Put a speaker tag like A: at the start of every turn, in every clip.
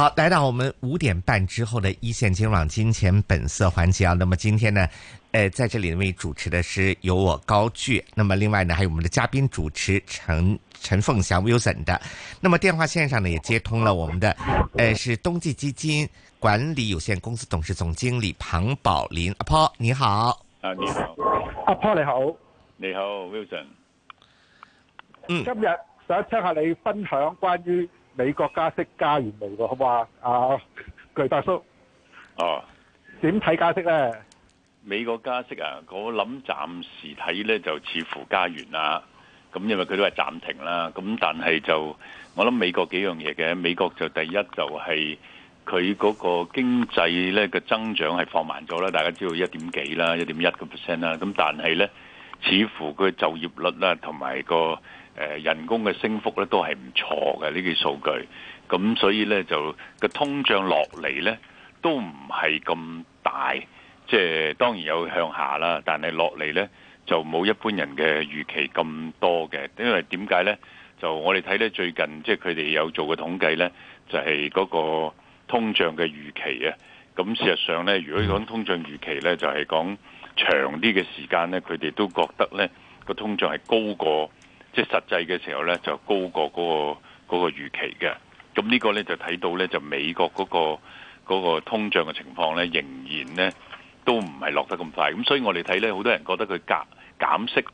A: 好，來到我們五點半之後的一線金網金錢本色環節啊。那麼今天呢，呃，在這裏為主持的是由我高聚，那麼另外呢，還有我們的嘉賓主持陳陳鳳翔 Wilson 的。那麼電話線上呢，也接通了我們的，呃，是東驥基金管理有限公司董事總經理龐寶林阿婆，你好。啊，你好。阿婆你好。
B: 你好，Wilson。嗯，今日想聽下你分享關於。美國加息加完嚟喎？好嘛，好啊？啊，巨大叔，哦、啊，點睇加息咧？
C: 美國加息啊，我諗暫時睇咧就似乎加完啦。咁因為佢都係暫停啦。咁但係就我諗美國幾樣嘢嘅。美國就第一就係佢嗰個經濟咧嘅增長係放慢咗啦。大家知道一點幾啦，一點一個 percent 啦。咁但係咧，似乎佢就業率啦同埋個。誒人工嘅升幅咧都係唔錯嘅呢啲數據，咁所以呢，就個通脹落嚟呢都唔係咁大，即係當然有向下啦，但係落嚟呢就冇一般人嘅預期咁多嘅，因為點解呢？就我哋睇呢，最近即係佢哋有做個統計呢，就係嗰個通脹嘅預期啊。咁事實上呢，如果講通脹預期呢，就係講長啲嘅時間呢，佢哋都覺得呢個通脹係高過。即係實際嘅時候呢，就高過嗰個嗰個預期嘅。咁呢個呢，就睇到呢，就美國嗰個嗰個通脹嘅情況呢，仍然呢都唔係落得咁快。咁所以我哋睇呢，好多人覺得佢減減息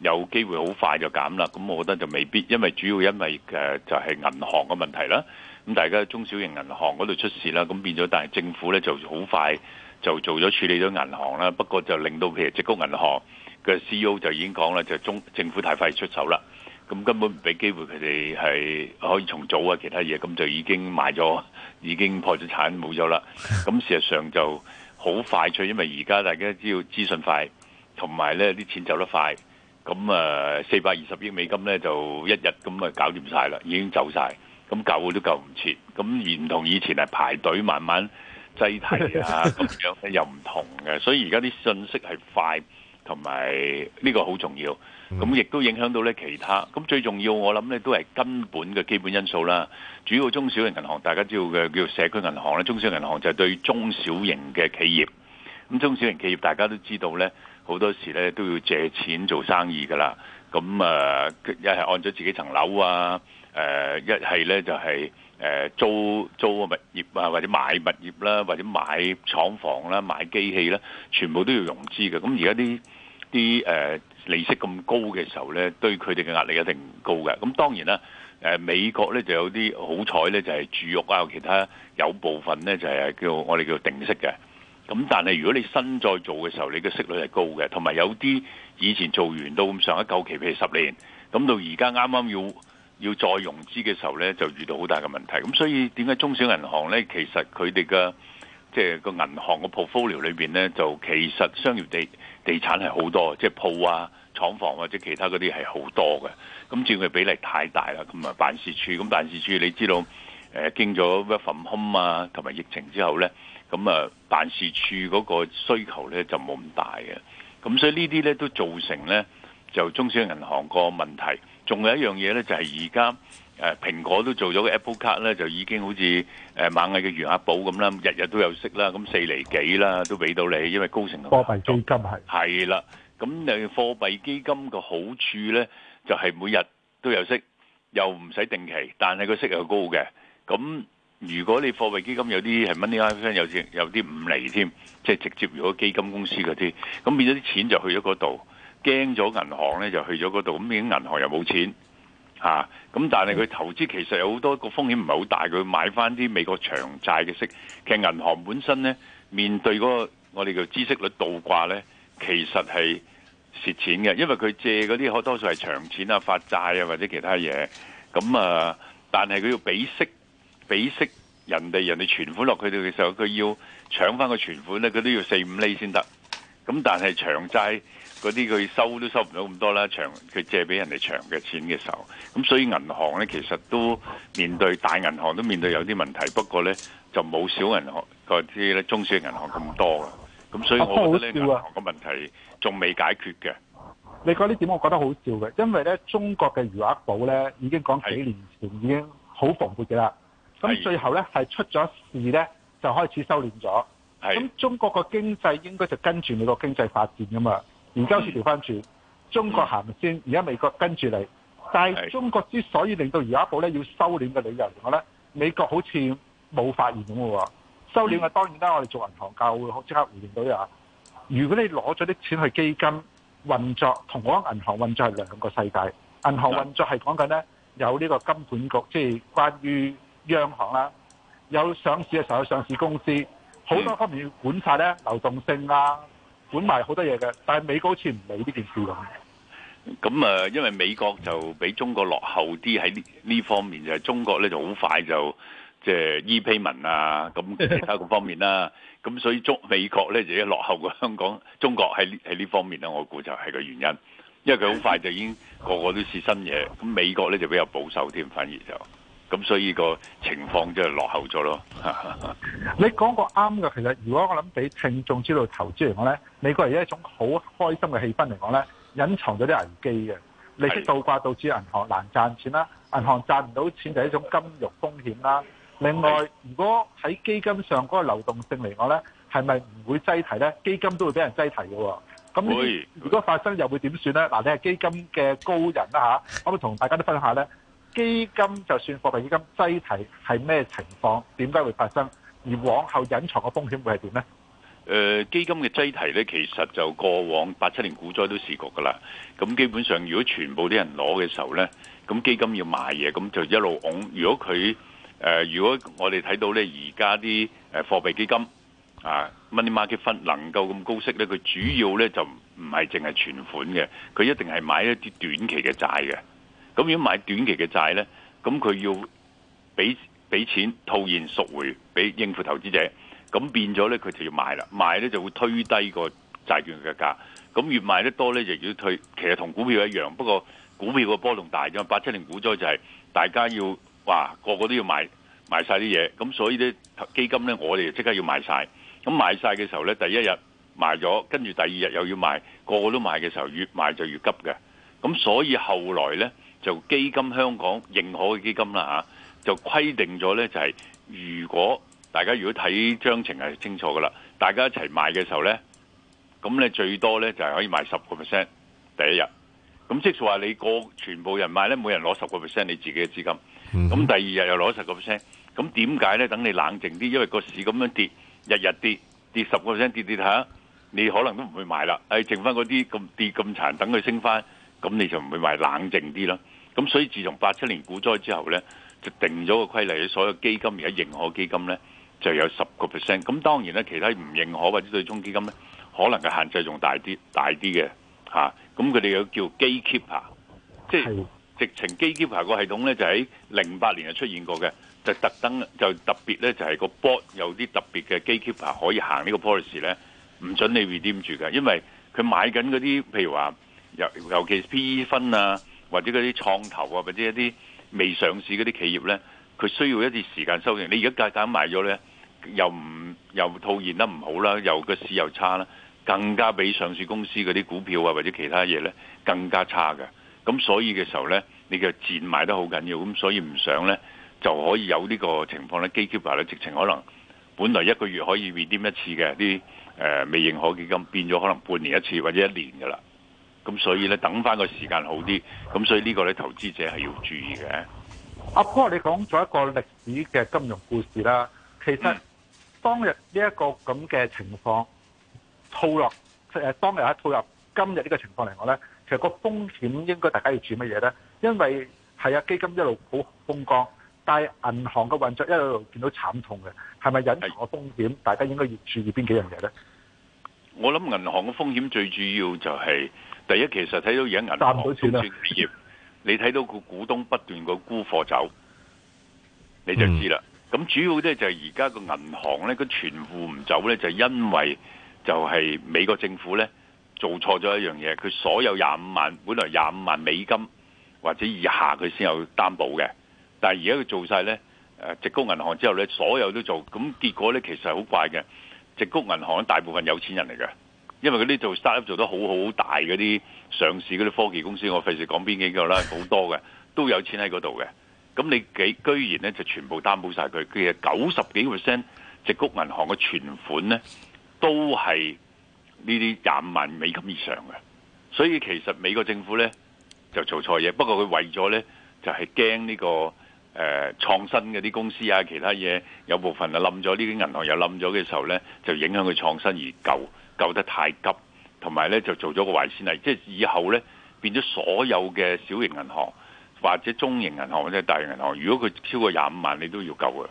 C: 有機會好快就減啦。咁我覺得就未必，因為主要因為誒就係銀行嘅問題啦。咁大家中小型銀行嗰度出事啦，咁變咗，但係政府呢，就好快就做咗處理咗銀行啦。不過就令到譬如矽谷銀行，嘅 CEO 就已經講啦，就中政府太快出手啦，咁根本唔俾機會佢哋係可以重組啊，其他嘢咁就已經賣咗，已經破咗產冇咗啦。咁事實上就好快脆，因為而家大家知道資訊快，同埋咧啲錢走得快，咁啊四百二十億美金咧就一日咁啊搞掂晒啦，已經走晒。咁搞都夠唔切，咁唔同以前係排隊慢慢擠提啊咁樣咧又唔同嘅，所以而家啲信息係快。同埋呢個好重要，咁亦都影響到咧其他。咁最重要，我諗咧都係根本嘅基本因素啦。主要中小型銀行，大家知道嘅叫社區銀行啦。中小型銀行就係對中小型嘅企業。咁中小型企業大家都知道咧，好多時咧都要借錢做生意㗎啦。咁啊，一係按咗自己層樓啊，誒一係咧就係誒租租物業啊，或者買物業啦，或者買廠房啦，買機器啦，全部都要融資嘅。咁而家啲啲誒利息咁高嘅時候呢，對佢哋嘅壓力一定高嘅。咁當然啦，誒美國呢就有啲好彩呢，就係住屋啊，其他有部分呢，就係叫我哋叫定息嘅。咁但係如果你新再做嘅時候，你嘅息率係高嘅，同埋有啲以前做完到咁上一舊期，譬如十年，咁到而家啱啱要要再融資嘅時候呢，就遇到好大嘅問題。咁所以點解中小銀行呢？其實佢哋嘅即係個銀行嘅 portfolio 裏面呢，就其實商業地。地產係好多，即係鋪啊、廠房啊、或者其他嗰啲係好多嘅。咁佔佢比例太大啦，咁啊辦事處，咁辦事處你知道，誒、呃、經咗一份空啊，同埋疫情之後呢，咁啊辦事處嗰個需求呢就冇咁大嘅。咁所以這些呢啲呢都造成呢，就中小銀行個問題。仲有一樣嘢呢，就係而家。誒、啊、蘋果都做咗個 Apple Card 咧，就已經好似誒、啊、螞蟻嘅餘額寶咁啦，日日都有息啦，咁四厘幾啦都俾到你，因為高成功。
B: 貨幣基金
C: 係。係啦，咁你貨幣基金個好處咧，就係、是、每日都有息，又唔使定期，但係個息又高嘅。咁如果你貨幣基金有啲係 Money iPhone 有有啲五厘添，即係直接如果基金公司嗰啲，咁變咗啲錢就去咗嗰度，驚咗銀行咧就去咗嗰度，咁變銀行又冇錢。啊，咁但係佢投資其實有好多個風險唔係好大，佢買翻啲美國長債嘅息。其實銀行本身咧面對嗰個我哋叫知識率倒掛咧，其實係蝕錢嘅，因為佢借嗰啲可多數係長錢啊、發債啊或者其他嘢。咁啊，但係佢要俾息，俾息人哋人哋存款落去嘅時候，佢要搶翻個存款咧，佢都要四五厘先得。咁但係長債嗰啲佢收都收唔到咁多啦，長佢借俾人哋長嘅錢嘅時候，咁所以銀行咧其實都面對大銀行都面對有啲問題，不過咧就冇小銀行嗰啲咧中小銀行咁多嘅，咁所以我覺得咧、啊、銀行嘅問題仲未解決嘅。
B: 你講呢點我覺得好笑嘅，因為咧中國嘅餘額寶咧已經講幾年前已經好蓬勃嘅啦，咁最後咧係出咗事咧就開始收斂咗。咁中國個經濟應該就跟住美國經濟發展噶嘛，好，而究先調翻轉，中國行先，而家美國跟住你。但係中國之所以令到而家一步咧要收斂嘅理由，然後咧美國好似冇發現咁喎，收斂嘅當然啦，我哋做銀行教會好即刻回應到呀。如果你攞咗啲錢去基金運作，同我銀行運作係兩個世界。銀行運作係講緊咧有呢個金管局，即係關於央行啦，有上市嘅時候有上市公司。好、嗯、多方面要管曬咧，流動性啊，管埋好多嘢嘅。但係美國好似唔理呢件事
C: 咁。咁啊、呃，因為美國就比中國落後啲喺呢呢方面，就係、是、中國咧就好快就即係、就是、e-payment 啊，咁其他個方面啦、啊。咁 所以中美國咧就一落後個香港中國喺喺呢方面咧，我估就係個原因。因為佢好快就已經個個都試新嘢，咁美國咧就比較保守添、啊，反而就。咁所以呢個情況就係落後咗咯 。
B: 你講個啱嘅，其實如果我諗俾聽眾知道投資嚟講咧，美國係一種好開心嘅氣氛嚟講咧，隱藏咗啲危機嘅。利息倒掛導致銀行難賺錢啦，銀行賺唔到錢就係一種金融風險啦。另外，如果喺基金上嗰個流動性嚟講咧，係咪唔會擠提咧？基金都會俾人擠提嘅喎。咁如果發生又會點算咧？嗱，你係基金嘅高人啦嚇，可唔可以同大家都分享下咧？基金就算貨幣基金擠提係咩情況？點解會發生？而往後隱藏嘅風險會係點呢？誒、
C: 呃，基金嘅擠提咧，其實就過往八七年股災都試過噶啦。咁基本上，如果全部啲人攞嘅時候咧，咁基金要賣嘢，咁就一路拱。如果佢誒、呃，如果我哋睇到咧，而家啲誒貨幣基金啊，money market fund 能夠咁高息咧，佢主要咧就唔係淨係存款嘅，佢一定係買一啲短期嘅債嘅。咁如果買短期嘅債呢，咁佢要俾俾錢套現贖回，俾應付投資者，咁變咗呢，佢就要賣啦，賣呢就會推低個債券嘅價。咁越賣得多呢，就要推。其實同股票一樣，不過股票個波動大啲，八七零股災就係大家要哇個個都要賣賣晒啲嘢，咁所以呢，基金呢，我哋即刻要賣晒。咁賣晒嘅時候呢，第一日賣咗，跟住第二日又要賣，個個都賣嘅時候越賣就越急嘅。咁所以後來呢。就基金香港認可嘅基金啦吓、啊，就規定咗咧就係、是，如果大家如果睇章程係清楚噶啦，大家一齊賣嘅時候咧，咁咧最多咧就係可以賣十個 percent 第一日，咁即係話你個全部人賣咧，每人攞十個 percent 你自己嘅資金，咁第二日又攞十個 percent，咁點解咧？等你冷靜啲，因為個市咁樣跌，日日跌，跌十個 percent，跌跌下、啊，你可能都唔會買啦，誒，剩翻嗰啲咁跌咁殘，等佢升翻，咁你就唔會買，冷靜啲咯。咁所以自從八七年股災之後咧，就定咗個規例，所有基金而家認可基金咧就有十個 percent。咁當然咧，其他唔認可或者對沖基金咧，可能嘅限制仲大啲大啲嘅嚇。咁佢哋又叫 gate keeper，是的即係直情 gate keeper 個系統咧，就喺零八年就出現過嘅，就特登就特別咧，就係、是、個 board 有啲特別嘅 gate keeper 可以行呢個 policy 咧，唔准你 redeem 住嘅，因為佢買緊嗰啲譬如話由尤其是 PE fund 啊。或者嗰啲創投啊，或者一啲未上市嗰啲企業呢，佢需要一啲時間收成。你而家急急賣咗呢，又唔又套現得唔好啦，又個市又差啦，更加比上市公司嗰啲股票啊或者其他嘢呢更加差嘅。咁所以嘅時候呢，你嘅賤賣得好緊要。咁所以唔想呢，就可以有呢個情況呢。基期幣呢直情可能本來一個月可以 redeem 一次嘅，啲誒未認可基金變咗，可能半年一次或者一年噶啦。咁所以咧，等翻個時間好啲。咁所以呢個咧，投資者係要注意
B: 嘅。阿、啊、哥，你講咗一個歷史嘅金融故事啦。其實當日呢一個咁嘅情況、嗯、套落，誒，當日一套入今日呢個情況嚟講咧，其實個風險應該大家要注意乜嘢咧？因為係啊，基金一路好風光，但係銀行嘅運作一路一見到慘痛嘅，係咪隱藏嘅風險？大家應該要注意邊幾樣嘢咧？
C: 我諗銀行嘅風險最主要就係、是。第一，其實睇到而家銀行中資企業，你睇到個股東不斷個沽貨走，你就知啦。咁、嗯、主要呢，就係而家個銀行呢，佢全款唔走呢，就是、因為就係美國政府呢，做錯咗一樣嘢。佢所有廿五萬，本來廿五萬美金或者以下佢先有擔保嘅，但係而家佢做晒呢，誒，矽谷銀行之後呢，所有都做，咁結果呢，其實係好怪嘅。矽谷銀行大部分有錢人嚟嘅。因為嗰啲做 startup 做得好好大嗰啲上市嗰啲科技公司，我費事講邊幾個啦，好多嘅都有錢喺嗰度嘅。咁你幾居然咧就全部擔保晒佢，佢係九十幾 percent 矽谷銀行嘅存款咧，都係呢啲廿萬美金以上嘅。所以其實美國政府咧就做錯嘢，不過佢為咗咧就係驚呢個誒呃、創新嘅啲公司啊，其他嘢有部分啊冧咗，呢啲銀行又冧咗嘅時候咧，就影響佢創新而救。救得太急，同埋呢就做咗個壞先例，即係以後呢，變咗所有嘅小型銀行或者中型銀行或者大型銀行，如果佢超過廿五萬，你都要救㗎，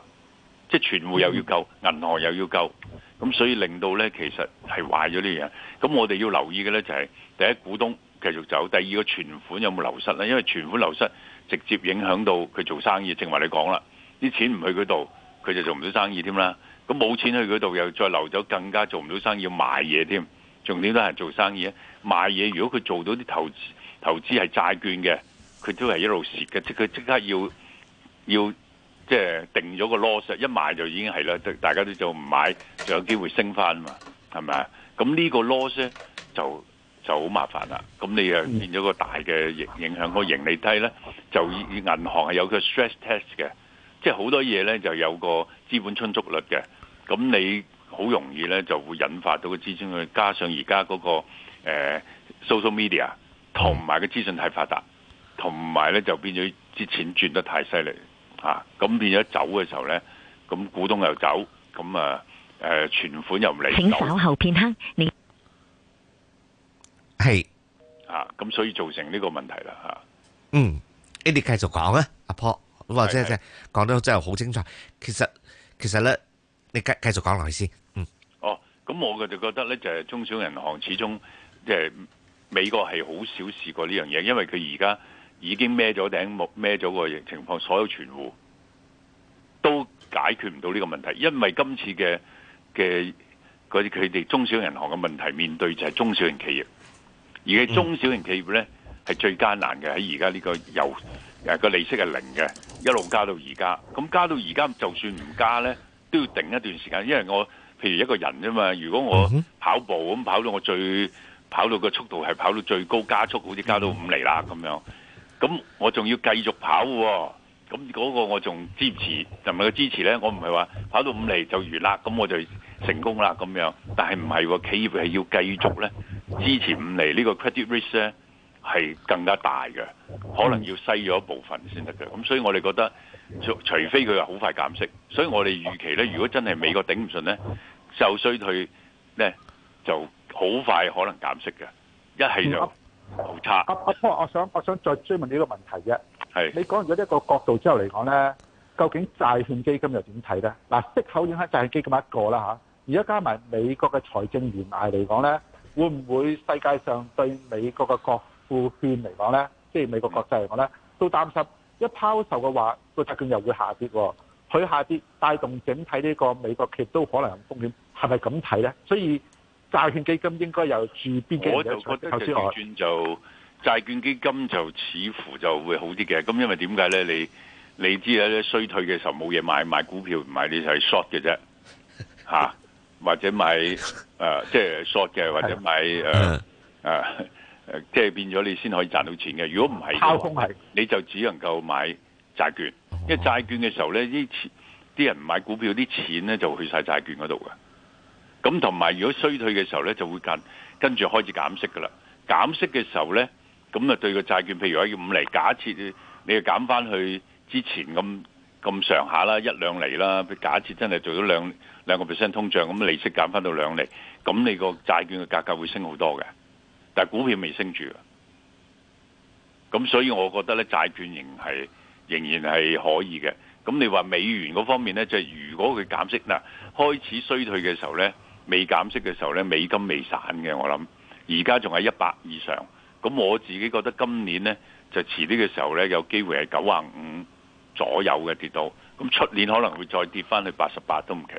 C: 即係存戶又要救，銀行又要救，咁所以令到呢其實係壞咗呢樣。咁我哋要留意嘅呢就係、是、第一，股東繼續走；第二個存款有冇流失呢？因為存款流失，直接影響到佢做生意。正如你講啦，啲錢唔去佢度，佢就做唔到生意添啦。咁冇錢去嗰度，又再流走，更加做唔到生意，賣嘢添。重點都係做生意啊，賣嘢。如果佢做到啲投資，投資係債券嘅，佢都係一路蝕嘅，即佢即刻要要即係定咗個 loss，一賣就已經係啦。大家都做唔買，就有機會升翻嘛，係咪啊？咁呢個 loss 咧就就好麻煩啦。咁你又變咗個大嘅影響響，個盈利低咧就以銀行係有個 stress test 嘅。即係好多嘢咧，就有個資本充足率嘅，咁你好容易咧就會引發到個資金去。加上而家嗰個誒 social media 同埋個資訊太發達，同埋咧就變咗啲錢轉得太犀利吓，咁、啊、變咗走嘅時候咧，咁股東又走，咁啊誒存款又唔理。請稍後片刻，你係啊，咁所以造成呢個問題啦吓、
A: 啊。嗯，你哋繼續講啊，阿婆。或者即係講得真係好精彩。其實其實咧，你繼繼續講落去先。
C: 嗯。哦，咁我就覺得咧，就係、是、中小銀行始終即係美國係好少試過呢樣嘢，因為佢而家已經孭咗頂目，孭咗個情況，所有存戶都解決唔到呢個問題，因為今次嘅嘅啲佢哋中小銀行嘅問題，面對就係中小型企業，而且中小型企業咧。嗯係最艱難嘅，喺而家呢個油誒個利息係零嘅，一路加到而家。咁加到而家，就算唔加呢，都要定一段時間。因為我譬如一個人啫嘛，如果我跑步咁跑到我最跑到個速度係跑到最高加速，好似加到五厘啦咁樣。咁我仲要繼續跑嘅、啊。咁嗰個我仲支持，就唔係個支持呢。我唔係話跑到五厘就完啦，咁我就成功啦咁樣。但係唔係喎，企業係要繼續呢？支持五厘呢個 credit risk 呢。係更加大嘅，
B: 可能要
C: 篩咗一部分先得嘅。咁所以我哋覺得，除除非佢話好快減息，所以我哋預期咧，如果真係美國頂唔順咧，就衰退咧，就好快可能減息嘅。一係就
B: 好差、啊啊啊。我想我想再追問呢一個問題啫。係。你講完咗呢個角度之後嚟講咧，究竟債券基金又點睇咧？嗱，息口影響債券基金一個啦嚇。而、啊、家加埋美國嘅財政懸崖嚟講咧，會唔會世界上對美國嘅國股嚟講咧，即係美國國債嚟講咧，都擔心一拋售嘅話，個債券又會下跌喎。佢下跌帶動整體呢個美國企業都可能有風險，係咪咁睇咧？所以債券基金應該有注邊幾？我就覺得其實轉
C: 就債券基金就似乎就會好啲嘅。咁因為點解咧？你你知啊？呢衰退嘅時候冇嘢買，買股票唔買，你就係 short 嘅啫，嚇、啊、或者買誒、啊，即係 short 嘅或者買誒誒。即係變咗你先可以賺到錢嘅。如果唔係，你就只能夠買債券。因為債券嘅時候呢，啲錢啲人唔買股票，啲錢呢，就會去晒債券嗰度嘅。咁同埋，如果衰退嘅時候呢，就會跟跟住開始減息㗎啦。減息嘅時候呢，咁啊對個債券，譬如喺五厘，假設你又減翻去之前咁咁上下啦，一兩厘啦。假設真係做到兩兩個 percent 通脹，咁利息減翻到兩厘，咁你個債券嘅價格會升好多嘅。但股票未升住，咁所以我覺得呢，債券仍係仍然係可以嘅。咁你話美元嗰方面呢，就係、是、如果佢減息嗱開始衰退嘅時候呢，未減息嘅時候呢，美金未散嘅，我諗而家仲係一百以上。咁我自己覺得今年呢，就遲啲嘅時候呢，有機會係九啊五左右嘅跌到。咁出年可能會再跌翻去八十八都唔奇，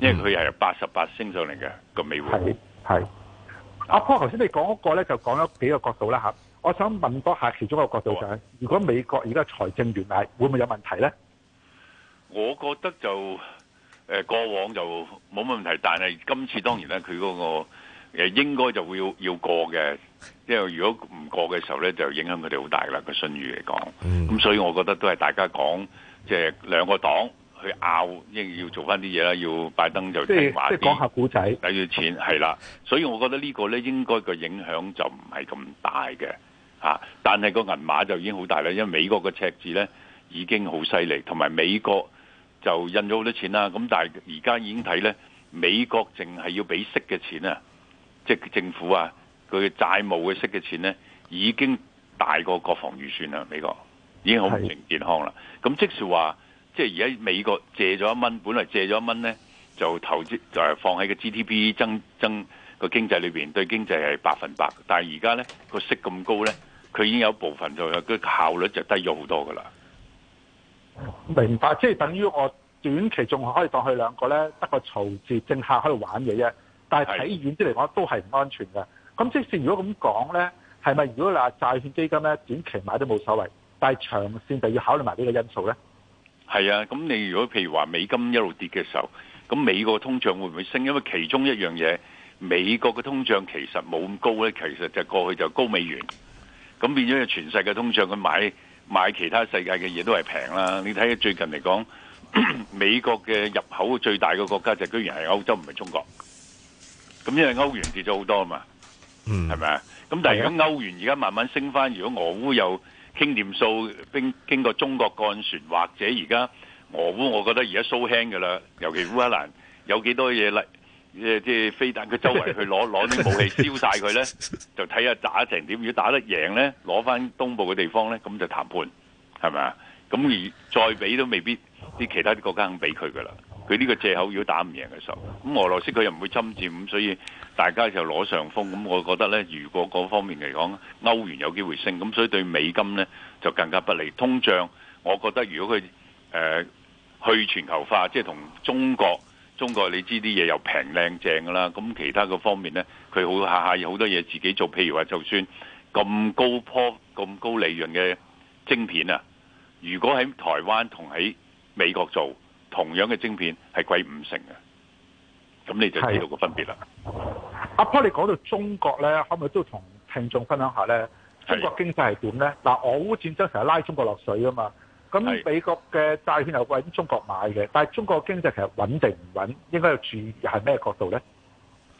C: 因為佢係八十八升上嚟嘅個美匯。係
B: 係。阿 p 婆，頭、啊、先你講嗰個咧，就講咗幾個角度啦嚇，我想問多下其中一個角度上，如果美國而家財政懸崖會唔會有問題咧？
C: 我覺得就誒過往就冇乜問題，但係今次當然咧，佢嗰、那個誒應該就會要要過嘅，因為如果唔過嘅時候咧，就影響佢哋好大啦個信譽嚟講。咁、嗯、所以我覺得都係大家講即係、就是、兩個黨。去拗，應要做翻啲嘢啦。要拜登就、即係、講下古仔，抵要錢係啦。所以我覺得呢個咧，應該個影響就唔係咁大嘅嚇、啊。但係個銀碼就已經好大啦，因為美國個赤字咧已經好犀利，同埋美國就印咗好多錢啦。咁但係而家已經睇咧，美國淨係要俾息嘅錢啊，即、就、係、係、政府啊，佢債務嘅息嘅錢咧已經大過國防預算啦。美國已經好唔健康啦。咁即使話。即係而家美國借咗一蚊，本嚟借咗一蚊咧，就投資就係放喺個 GDP 增增個經濟裏邊，對經濟係百分百。但係而家咧個息咁高咧，佢已經有部分就係，個效率就低咗好多噶啦。
B: 明白，即係等於我短期仲可以當佢兩個咧，得個籌字，正客喺度玩嘅啫。但係睇遠啲嚟講，都係唔安全嘅。咁即使如果咁講咧，係咪如果話債券基金咧短期買都冇所謂，但係長線就要考慮埋呢個因素咧？
C: 係啊，咁你如果譬如話美金一路跌嘅時候，咁美國通脹會唔會升？因為其中一樣嘢，美國嘅通脹其實冇咁高咧，其實就過去就高美元，咁變咗全世界通脹，佢買買其他世界嘅嘢都係平啦。你睇下最近嚟講，美國嘅入口最大嘅國家就居然係歐洲，唔係中國。咁因為歐元跌咗好多啊嘛，嗯，係咪啊？咁但係如果歐元而家慢慢升翻，如果俄烏又，傾掂數，經經過中國幹船，或者而家俄烏，我覺得而家蘇輕㗎啦。尤其烏克蘭有幾多嘢嚟，即係即係飛彈，佢周圍去攞攞啲武器燒晒佢咧， 就睇下打成點，如果打得贏咧，攞翻東部嘅地方咧，咁就談判，係咪啊？咁而再俾都未必啲其他啲國家肯俾佢㗎啦。佢呢個藉口，如果打唔贏嘅時候，咁俄羅斯佢又唔會侵佔，咁所以。大家就攞上風咁，我覺得呢，如果嗰方面嚟講，歐元有機會升，咁所以對美金呢就更加不利。通脹，我覺得如果佢、呃、去全球化，即係同中國，中國你知啲嘢又平靚正㗎啦。咁其他個方面呢，佢好下下有好多嘢自己做。譬如話，就算咁高坡咁高利潤嘅晶片啊，如果喺台灣同喺美國做同樣嘅晶片，係貴五成嘅，咁你就知道個分別啦。
B: 阿 Paul，你講到中國咧，可唔可以都同聽眾分享下咧？
C: 中國經
B: 濟係點咧？嗱，俄烏戰爭成日拉中國落水噶嘛？咁美國嘅債券又為中國買嘅，但係中國經濟其實穩定唔穩，應該要注意係咩角度咧？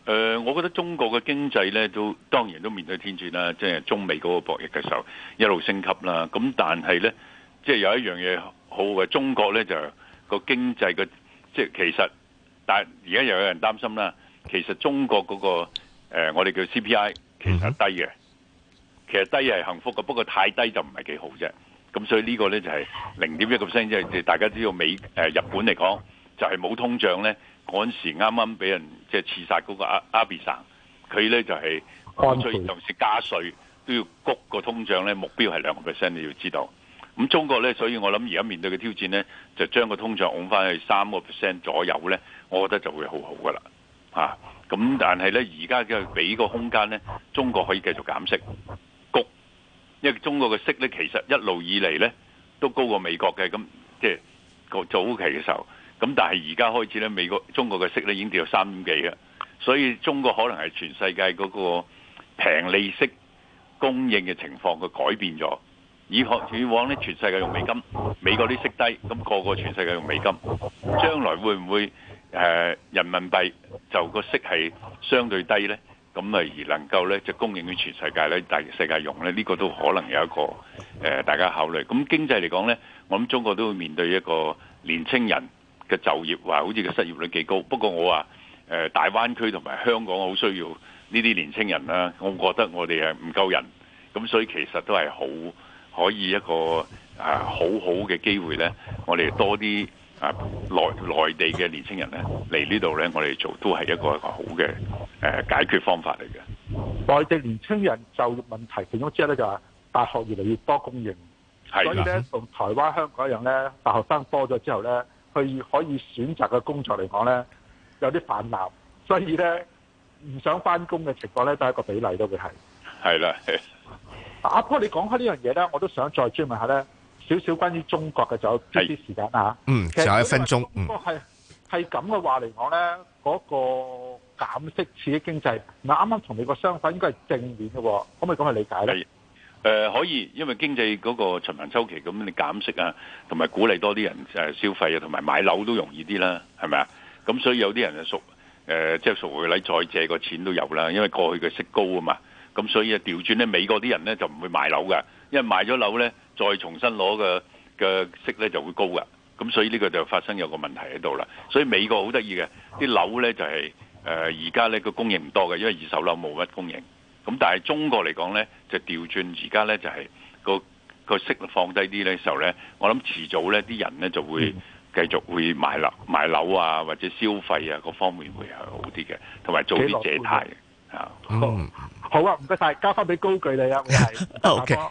C: 誒，我覺得中國嘅經濟咧，都當然都面對天轉啦，即係中美嗰個博弈嘅時候一路升級啦。咁但係咧，即係有一樣嘢好嘅，中國咧就個經濟嘅即係其實，但係而家又有人擔心啦。其實中國嗰、那個誒、呃，我哋叫 CPI，其實低嘅，其實低係幸福嘅，不過太低就唔係幾好啫。咁所以這個呢個咧就係零點一個 percent，即係大家知道美誒、呃、日本嚟講，就係、是、冇通脹咧，嗰時啱啱俾人即係、就是、刺殺嗰個阿阿比薩，佢咧就係乾脆同時加稅都要谷個通脹咧，目標係兩個 percent，你要知道。咁中國咧，所以我諗而家面對嘅挑戰咧，就將個通脹拱翻去三個 percent 左右咧，我覺得就會很好好噶啦。啊，咁但係呢，而家嘅俾個空間呢，中國可以繼續減息，谷，因為中國嘅息呢，其實一路以嚟呢都高過美國嘅，咁即係個早期嘅時候，咁但係而家開始呢，美國中國嘅息呢已經跌到三點幾啊，所以中國可能係全世界嗰個平利息供應嘅情況佢改變咗，以前以往呢，全世界用美金，美國啲息低，咁個個全世界用美金，將來會唔會？誒人民幣就個息係相對低呢，咁啊而能夠呢，就供應於全世界呢大世界用呢，呢個都可能有一個誒大家考慮。咁經濟嚟講呢，我諗中國都會面對一個年青人嘅就業話，好似個失業率幾高。不過我話誒大灣區同埋香港好需要呢啲年青人啦，我覺得我哋係唔夠人，咁所以其實都係好可以一個啊好好嘅機會呢。我哋多啲。啊，內內地嘅年青人咧嚟呢度咧，我哋做都係一個一個好嘅誒、呃、解決方法嚟嘅。
B: 內地年青人就業問題其中之一咧，就係、是、大學越嚟越多供應，所以咧同台灣香港一樣咧，大學生多咗之後咧，佢可以選擇嘅工作嚟講咧，有啲泛濫，所以咧唔想翻工嘅情況咧，都係一個比例都會係。係啦，阿波你講開呢樣嘢咧，我都想再追問下咧。少少關於中國嘅就有啲時間啦，嗯，仲有一分鐘。不過係係咁嘅話嚟講咧，嗰、嗰個減息刺激經濟，嗱啱啱同美國相反，應該係正面嘅，可唔可以咁去理解咧？
C: 係、呃、可以，因為經濟嗰個循環周期，咁你減息啊，同埋鼓勵多啲人誒消費啊，同埋買樓都容易啲啦，係咪啊？咁所以有啲人、呃、就屬誒，即係屬嚟再借個錢都有啦，因為過去嘅息高啊嘛，咁所以啊調轉咧，美國啲人咧就唔會買樓㗎，因為買咗樓咧。再重新攞嘅嘅息咧就會高噶，咁所以呢個就發生有個問題喺度啦。所以美國好得意嘅啲樓咧就係誒而家咧個供應唔多嘅，因為二手樓冇乜供應。咁但係中國嚟講咧就調轉，而家咧就係、是、個個息放低啲咧時候咧，我諗遲早咧啲人咧就會繼續會買樓買樓啊，
B: 或者消費啊各方
C: 面會係好啲嘅，同埋做啲借貸啊
B: 好。好啊，唔該晒，交翻俾高巨你 啊，我多、 okay.